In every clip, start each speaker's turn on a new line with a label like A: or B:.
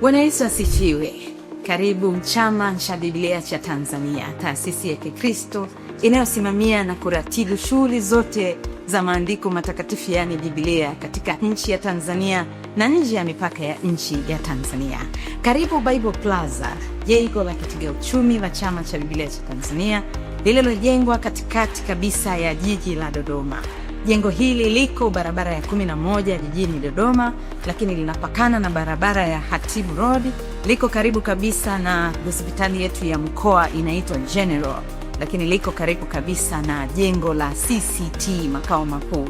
A: Bwana Yesu asifiwe. Karibu chama cha Biblia cha Tanzania, taasisi ya Kikristo inayosimamia na kuratibu shughuli zote za maandiko matakatifu yaani Biblia katika nchi ya Tanzania na nje ya mipaka ya nchi ya Tanzania. Karibu Bible Plaza, jengo la kitiga uchumi wa chama cha Biblia cha Tanzania lililojengwa katikati kabisa ya jiji la Dodoma. Jengo hili liko barabara ya 11 jijini Dodoma, lakini linapakana na barabara ya Hatibu Road. Liko karibu kabisa na hospitali yetu ya mkoa inaitwa General, lakini liko karibu kabisa na jengo la CCT makao makuu.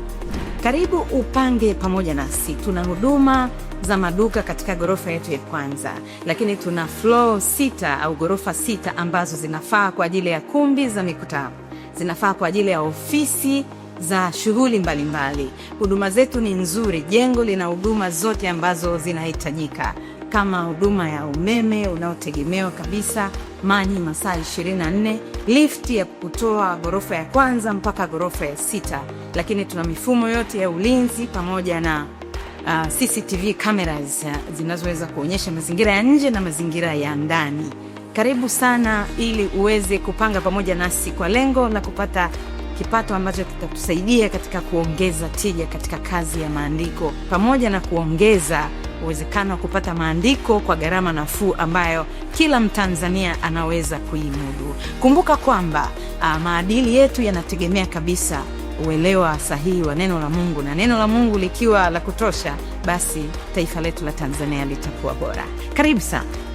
A: Karibu upange pamoja nasi. Tuna huduma za maduka katika ghorofa yetu ya kwanza, lakini tuna floor sita au ghorofa sita ambazo zinafaa kwa ajili ya kumbi za mikutano, zinafaa kwa ajili ya ofisi za shughuli mbalimbali. Huduma zetu ni nzuri, jengo lina huduma zote ambazo zinahitajika kama huduma ya umeme unaotegemewa kabisa, maji masaa 24, lifti ya kutoa ghorofa ya kwanza mpaka ghorofa ya sita, lakini tuna mifumo yote ya ulinzi pamoja na uh, CCTV cameras uh, zinazoweza kuonyesha mazingira ya nje na mazingira ya ndani. Karibu sana ili uweze kupanga pamoja nasi kwa lengo la kupata kipato ambacho kitatusaidia katika kuongeza tija katika kazi ya maandiko pamoja na kuongeza uwezekano wa kupata maandiko kwa gharama nafuu ambayo kila Mtanzania anaweza kuimudu. Kumbuka kwamba a, ah, maadili yetu yanategemea kabisa uelewa sahihi wa neno la Mungu, na neno la Mungu likiwa la kutosha, basi taifa letu la Tanzania litakuwa bora. Karibu sana.